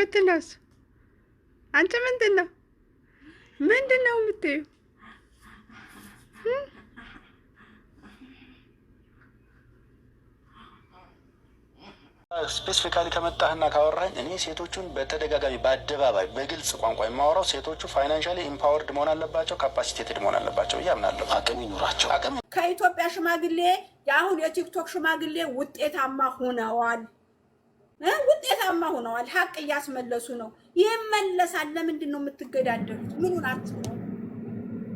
ምንድን ነው እሱ? አንቺ ምንድን ነው ምንድን ነው የምትይው? ስፔሲፊካሊ ከመጣህና ካወራኝ እኔ ሴቶቹን በተደጋጋሚ በአደባባይ በግልጽ ቋንቋ የማወራው ሴቶቹ ፋይናንሻሊ ኢምፓወርድ መሆን አለባቸው፣ ካፓሲቴትድ መሆን አለባቸው እያምናለሁ። አቅም ይኑራቸው። ከኢትዮጵያ ሽማግሌ የአሁን የቲክቶክ ሽማግሌ ውጤታማ ሆነዋል። ውጤታማ ሆነዋል። ሀቅ እያስመለሱ ነው። ይመለሳል። ለምንድን ነው የምትገዳደሉት? ምኑ ናችሁ ነው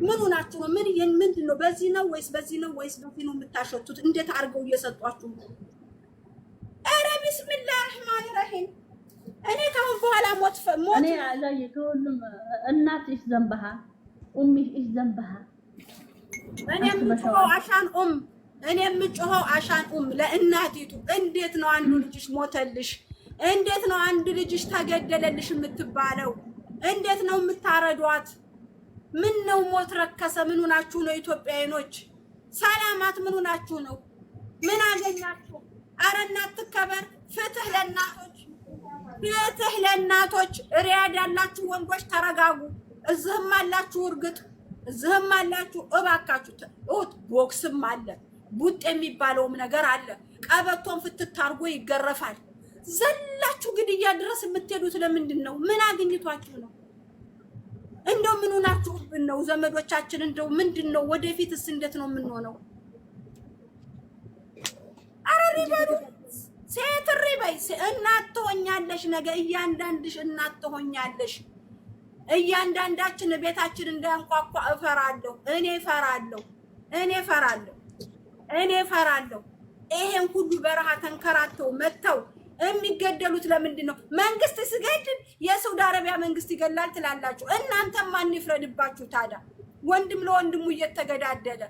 ምኑ ናችሁ ነው ምን ምንድን ነው? በዚህ ነው ወይስ በዚህ ነው ወይስ በዚህ ነው የምታሸቱት? እንዴት አድርገው እየሰጧችሁ ነው? ኧረ ቢስሚላ ረህማን ረሂም እኔ ካሁን በኋላ ሞት ሞት እኔ አዛዬ ከሁሉም እናትሽ ዘንበሃ ኡሚሽ ዘንበሃ እኔ የምትለው አሻን ኡም እኔ የምጮኸው አሻን ኡም ለእናቲቱ እንዴት ነው አንዱ ልጅሽ ሞተልሽ? እንዴት ነው አንድ ልጅሽ ተገደለልሽ የምትባለው? እንዴት ነው የምታረዷት? ምን ነው ሞት ረከሰ? ምኑ ናችሁ ነው ኢትዮጵያዊኖች ሰላማት ምኑ ናችሁ ነው? ምን አገኛችሁ? አረ እናት ትከበር። ፍትህ ለእናቶች፣ ፍትህ ለእናቶች። ሪያድ ያላችሁ ወንዶች ተረጋጉ። እዚህም አላችሁ፣ እርግጥ እዚህም አላችሁ። እባካችሁ ቦክስም አለ ቡጥ የሚባለውም ነገር አለ። ቀበቶን ፍትታርጎ ይገረፋል። ዘላችሁ ግድያ ድረስ የምትሄዱት ለምንድን ነው? ምን አግኝቷችሁ ነው? እንደው ምን ሆናችሁብን ነው? ዘመዶቻችን እንደው ምንድን ነው? ወደፊትስ እንዴት ነው የምንሆነው? አረሪ በሉ ሴት ሪ እናት ትሆኛለሽ። ነገ እያንዳንድሽ እናት ትሆኛለሽ። እያንዳንዳችን ቤታችን እንዳያንኳኳ እፈራለሁ። እኔ እፈራለሁ። እኔ እፈራለሁ። እኔ ፈራለሁ ይሄን ሁሉ በረሃ ተንከራተው መጥተው የሚገደሉት ለምንድን ነው? መንግስት ሲገድል የሳውዲ አረቢያ መንግስት ይገላል ትላላችሁ። እናንተም ማን ይፍረድባችሁ ታዲያ? ወንድም ለወንድሙ እየተገዳደለ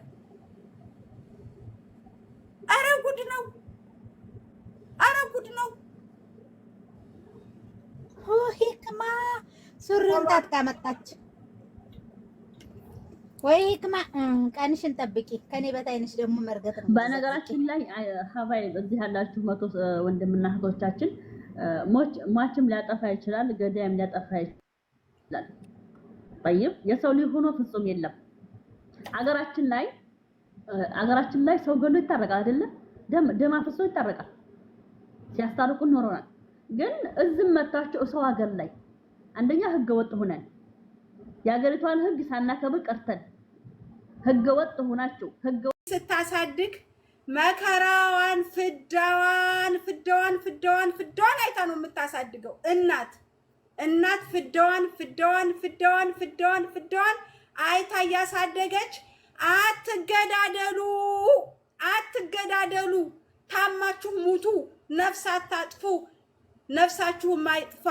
አረ ጉድ ነው! አረ ጉድ ነው! ሂክማ ሱሪውን ታጥቃ መጣች። ወይ ህክማ ቀንሽን ጠብቂ። ከኔ በታይንሽ ደግሞ መርገጥ ነው። በነገራችን ላይ ሀባይ እዚህ ያላችሁ መቶ ወንድምና እህቶቻችን ሟችም ሊያጠፋ ይችላል፣ ገዳይም ሊያጠፋ ይችላል። ጠይብ የሰው ልጅ ሆኖ ፍጹም የለም። አገራችን ላይ አገራችን ላይ ሰው ገሎ ይታረቃል አይደለም፣ ደም አፍሶ ይታረቃል። ሲያስታርቁ ኖረናል። ግን እዚህም መታቸው ሰው ሀገር ላይ አንደኛ ህገ ወጥ ሆነን የሀገሪቷን ህግ ሳናከብር ቀርተን ህገወጥ ሆናችሁ ስታሳድግ መከራዋን ፍዳዋን ፍዳዋን ፍዳዋን ፍዳዋን አይታ ነው የምታሳድገው እናት እናት ፍዳዋን ፍዳዋን ፍዳዋን ፍዳዋን ፍዳዋን አይታ እያሳደገች አትገዳደሉ አትገዳደሉ፣ ታማችሁ ሙቱ፣ ነፍስ አታጥፉ፣ ነፍሳችሁ ማይጥፋ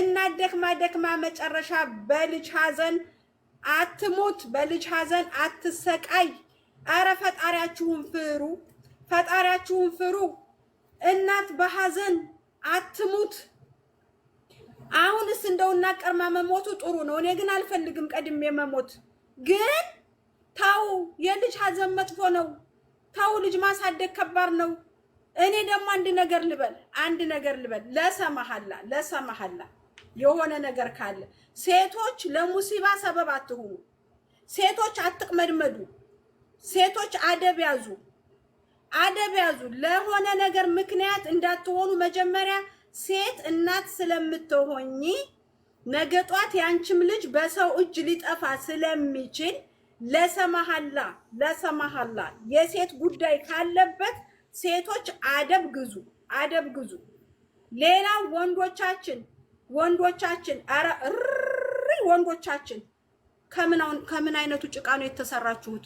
እናት ደክማ ደክማ መጨረሻ በልጅ ሀዘን አትሙት፣ በልጅ ሐዘን አትሰቃይ። አረ ፈጣሪያችሁን ፍሩ፣ ፈጣሪያችሁን ፍሩ። እናት በሐዘን አትሙት። አሁንስ እንደው እናት ቀድማ መሞቱ ጥሩ ነው። እኔ ግን አልፈልግም ቀድሜ መሞት። ግን ተው፣ የልጅ ሐዘን መጥፎ ነው። ተው፣ ልጅ ማሳደግ ከባድ ነው። እኔ ደግሞ አንድ ነገር ልበል፣ አንድ ነገር ልበል ለሰማሃላ ለሰማሃላ የሆነ ነገር ካለ ሴቶች ለሙሲባ ሰበብ አትሁኑ። ሴቶች አትቅመድመዱ። ሴቶች አደብ ያዙ፣ አደብ ያዙ። ለሆነ ነገር ምክንያት እንዳትሆኑ። መጀመሪያ ሴት እናት ስለምትሆኚ ነገ ጧት ያንቺም ልጅ በሰው እጅ ሊጠፋ ስለሚችል ለሰማሃላ ለሰማሃላ የሴት ጉዳይ ካለበት ሴቶች አደብ ግዙ፣ አደብ ግዙ። ሌላ ወንዶቻችን ወንዶቻችን ኧረ ወንዶቻችን ከምን አይነቱ ጭቃ ነው የተሰራችሁት?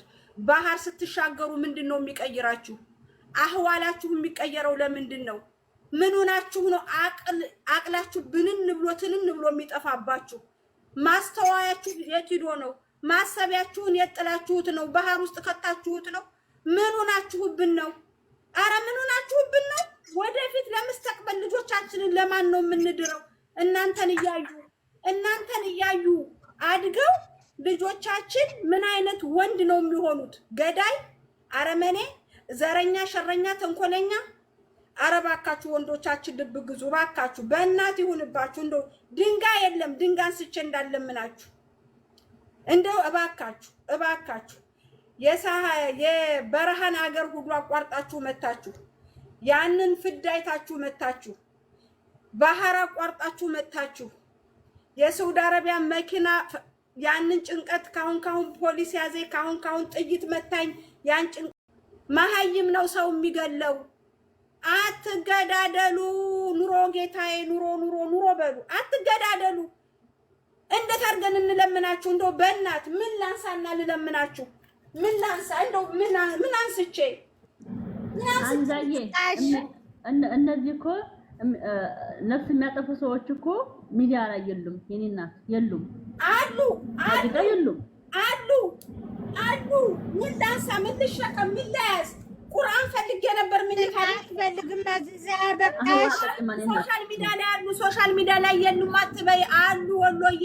ባህር ስትሻገሩ ምንድን ነው የሚቀይራችሁ? አህዋላችሁ የሚቀየረው ለምንድን ነው? ምን ሆናችሁ ነው አቅላችሁ ብንን ብሎ ትንን ብሎ የሚጠፋባችሁ? ማስተዋያችሁ የት ሂዶ ነው? ማሰቢያችሁን የት ጥላችሁት ነው? ባህር ውስጥ ከታችሁት ነው? ምን ሆናችሁብን ነው? አረ ምን ሆናችሁብን ነው? ወደፊት ለምስተቅበል ልጆቻችንን ለማን ነው የምንድረው? እናንተን እያዩ እናንተን እያዩ አድገው ልጆቻችን ምን አይነት ወንድ ነው የሚሆኑት? ገዳይ፣ አረመኔ፣ ዘረኛ፣ ሸረኛ፣ ተንኮለኛ። አረባካችሁ ወንዶቻችን ልብ ግዙ ባካችሁ በእናት ይሁንባችሁ። እንደ ድንጋይ የለም ድንጋይ አንስቼ እንዳለምናችሁ እንደው እባካችሁ እባካችሁ የበረሃን ሀገር ሁሉ አቋርጣችሁ መታችሁ ያንን ፍዳይታችሁ መታችሁ ባህር አቋርጣችሁ መታችሁ የሳውዲ አረቢያ መኪና ያንን ጭንቀት ካሁን ካሁን ፖሊስ ያዘ ካሁን ካሁን ጥይት መታኝ ያን ጭንቀት መሀይም ነው ሰው የሚገለው። አትገዳደሉ፣ ኑሮ ጌታዬ፣ ኑሮ ኑሮ ኑሮ በሉ፣ አትገዳደሉ። እንዴት አድርገን እንለምናችሁ? እንደው በእናት ምን ላንሳና ልለምናችሁ? ምን ላንሳ? እንደው ምን አንስቼ ምን አንስቼ እነዚህ እኮ ነፍስ የሚያጠፉ ሰዎች እኮ ሚዲያ ላይ የሉም። የኔ እናት የሉም፣ አሉ አሉ የሉም፣ አሉ አሉ። ምን ላንሳ? ምን ቁርአን ፈልጌ ነበር። ምን አትፈልግም? አዝዛ በቃሽ። ሶሻል ሚዲያ ላይ አሉ፣ ሶሻል ሚዲያ ላይ የሉም አትበይ። አሉ ወሎዬ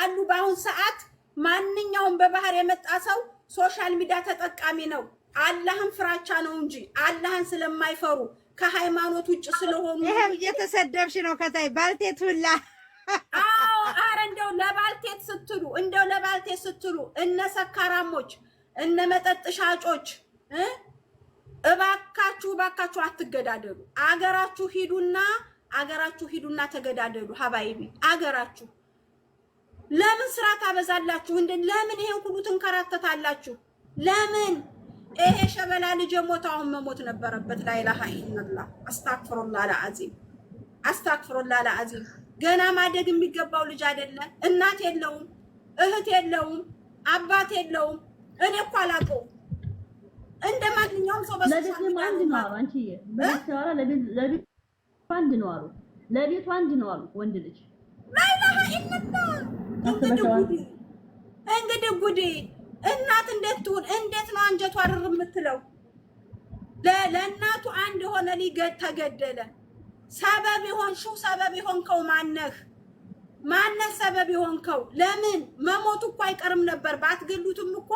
አሉ። በአሁን ሰዓት ማንኛውም በባህር የመጣ ሰው ሶሻል ሚዲያ ተጠቃሚ ነው። አላህን ፍራቻ ነው እንጂ አላህን ስለማይፈሩ ከሃይማኖት ውጭ ስለሆኑ ይሄም እየተሰደብሽ ነው። ከታይ ባልቴት ሁላ አዎ፣ አረ እንደው ለባልቴት ስትሉ እንደው ለባልቴት ስትሉ እነ ሰካራሞች እነ መጠጥ ሻጮች እባካችሁ እባካችሁ አትገዳደሉ። አገራችሁ ሂዱና አገራችሁ ሂዱና ተገዳደሉ። ሀባይቢ አገራችሁ ለምን ስራ ታበዛላችሁ? ለምን ይሄን ሁሉ ትንከራተታላችሁ? ለምን ይሄ ሸበላ ልጅ ሞት አሁን መሞት ነበረበት። ላይላሀ ኢላላ አስታክፍሩላ ለአዚም አስታክፍሩላ ለአዚም ገና ማደግ የሚገባው ልጅ አይደለ እናት የለውም፣ እህት የለውም፣ አባት የለውም። እኔ እኮ አላውቀውም እንደ ማንኛውም ሰው በሶሻል አንድ ነው አሉ አንቺ በሰራ ለቤት አንድ ነው አሉ ለቤቱ አንድ ነው አሉ ወንድ ልጅ ላይላሀ ኢላላ እንግዲህ ጉዴ እናት እንዴት ትሁን? እንዴት ነው አንጀቱ አርር የምትለው? ለእናቱ አንድ የሆነ ሊገድ ተገደለ። ሰበብ የሆንሽው ሰበብ የሆንከው ማነህ? ማነህ ሰበብ የሆንከው? ለምን መሞቱ እኮ አይቀርም ነበር። ባትገሉትም እኮ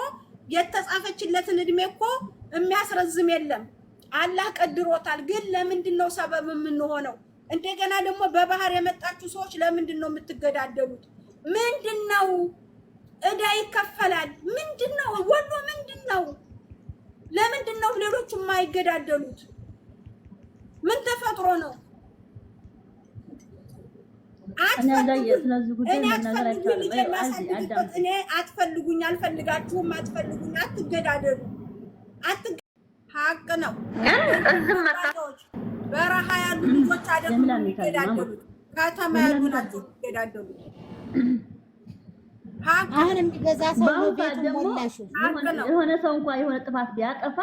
የተጻፈችለትን እድሜ እኮ የሚያስረዝም የለም። አላህ ቀድሮታል። ግን ለምንድን ነው ሰበብ የምንሆነው? እንደገና ደግሞ በባህር የመጣችሁ ሰዎች ለምንድን ነው የምትገዳደሉት? ምንድን ነው እዳ ይከፈላል። ምንድን ነው ወሎ ምንድን ነው? ለምንድን ነው ሌሎቹ የማይገዳደሉት? ምን ተፈጥሮ ነው? እኔ አትፈልጉኝ፣ አልፈልጋችሁም፣ አትፈልጉኝ፣ አትገዳደሉ። ሀቅ ነው። በረሃ ያሉ ልጆች አይደሉም የሚገዳደሉት፣ ከተማ ያሉ ናቸው የሚገዳደሉት። አሁን የሚገዛ ሰው የሆነ ሰው እንኳ የሆነ ጥፋት ቢያጠፋ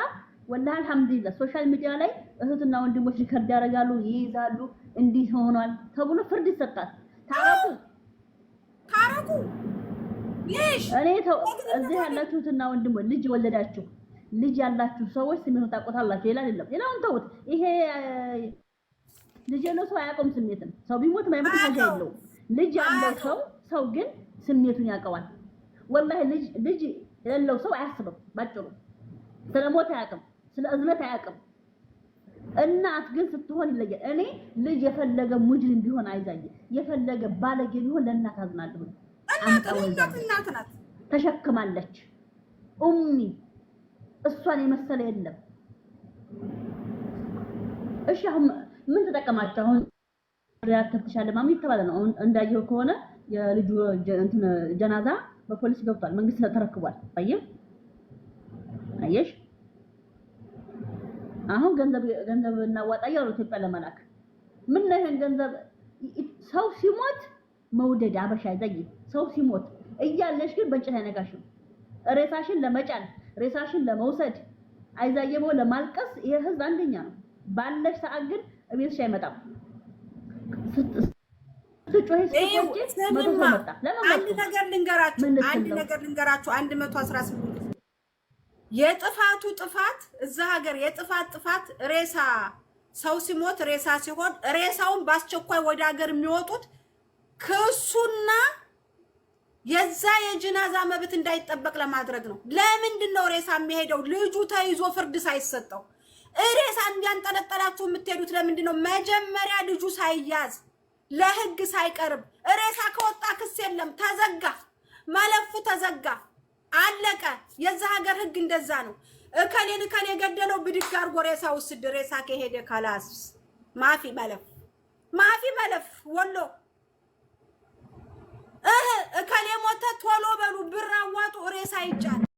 ወላ አልሐምዱሊላህ ሶሻል ሚዲያ ላይ እህትና ወንድሞች ሪከርድ ያደርጋሉ፣ ይይዛሉ፣ እንዲህ ሆኗል ተብሎ ፍርድ ይሰጣል። ታረቁ ታረቁ። እኔ እዚህ ያላችሁትና ወንድሞች ልጅ ወለዳችሁ ልጅ ያላችሁ ሰዎች ስሜቱን ታውቁታላችሁ። ሌላ አይደለም፣ ሌላውን ተውት። ይሄ ልጅ ያለው ሰው አያውቀውም ስሜትን። ሰው ቢሞት ማይሞት የለውም። ልጅ ያለው ሰው ሰው ግን ስሜቱን ያውቀዋል። ወላሂ ልጅ ልጅ የሌለው ሰው አያስብም። ባጭሩ ስለ ሞት አያውቅም፣ ስለ እዝነት አያውቅም። እናት ግን ስትሆን ይለያል። እኔ ልጅ የፈለገ ሙጅሪም ቢሆን አይዛየ የፈለገ ባለጌ ቢሆን ለእናት አዝናለሁ። እናት ናት፣ ተሸክማለች። ኡሚ እሷን የመሰለ የለም። እሺ አሁን ምን ተጠቀማቸው? አሁን ሪያክተር ተሻለ ማሚ የተባለ ነው እንዳየው ከሆነ የልጁ ጀናዛ በፖሊስ ገብቷል። መንግስት ተረክቧል። አየ አየሽ፣ አሁን ገንዘብ ገንዘብ እናዋጣ እያሉ ኢትዮጵያ ለመላክ ምን ነው ይሄን ገንዘብ ሰው ሲሞት መውደድ አበሻ ይዘይ ሰው ሲሞት እያለሽ ግን በእንጨት አይነጋሽም። ሬሳሽን ለመጫን ሬሳሽን ለመውሰድ አይዛየሞ ለማልቀስ ይሄ ህዝብ አንደኛ ነው። ባለሽ ሰዓት ግን እቤትሽ አይመጣም። አንድ ነገር ልንገራችሁ አንድ ነገር ልንገራችሁ አንድ መቶ አስራ ስምንት የጥፋቱ ጥፋት እዛ ሀገር የጥፋት ጥፋት ሬሳ ሰው ሲሞት ሬሳ ሲሆን ሬሳውን በአስቸኳይ ወደ ሀገር የሚወጡት ክሱና የዛ የጅናዛ መብት እንዳይጠበቅ ለማድረግ ነው። ለምንድን ነው ሬሳ የሚሄደው? ልጁ ተይዞ ፍርድ ሳይሰጠው ሬሳ እንዲያንጠለጠላችሁ የምትሄዱት ለምንድን ነው? መጀመሪያ ልጁ ሳይያዝ ለህግ ሳይቀርብ ሬሳ ከወጣ ክስ የለም። ተዘጋ፣ መለፉ ተዘጋ፣ አለቀ። የዛ ሀገር ህግ እንደዛ ነው። እከሌን እከሌ የገደለው ብድግ አድርጎ ሬሳ ውስድ ሬሳ ከሄደ ካላስ ማፊ መለፍ ማፊ መለፍ ወሎ እህ እከሌ ሞተ ቶሎ በሉ ብር አዋጡ ሬሳ ይጫል።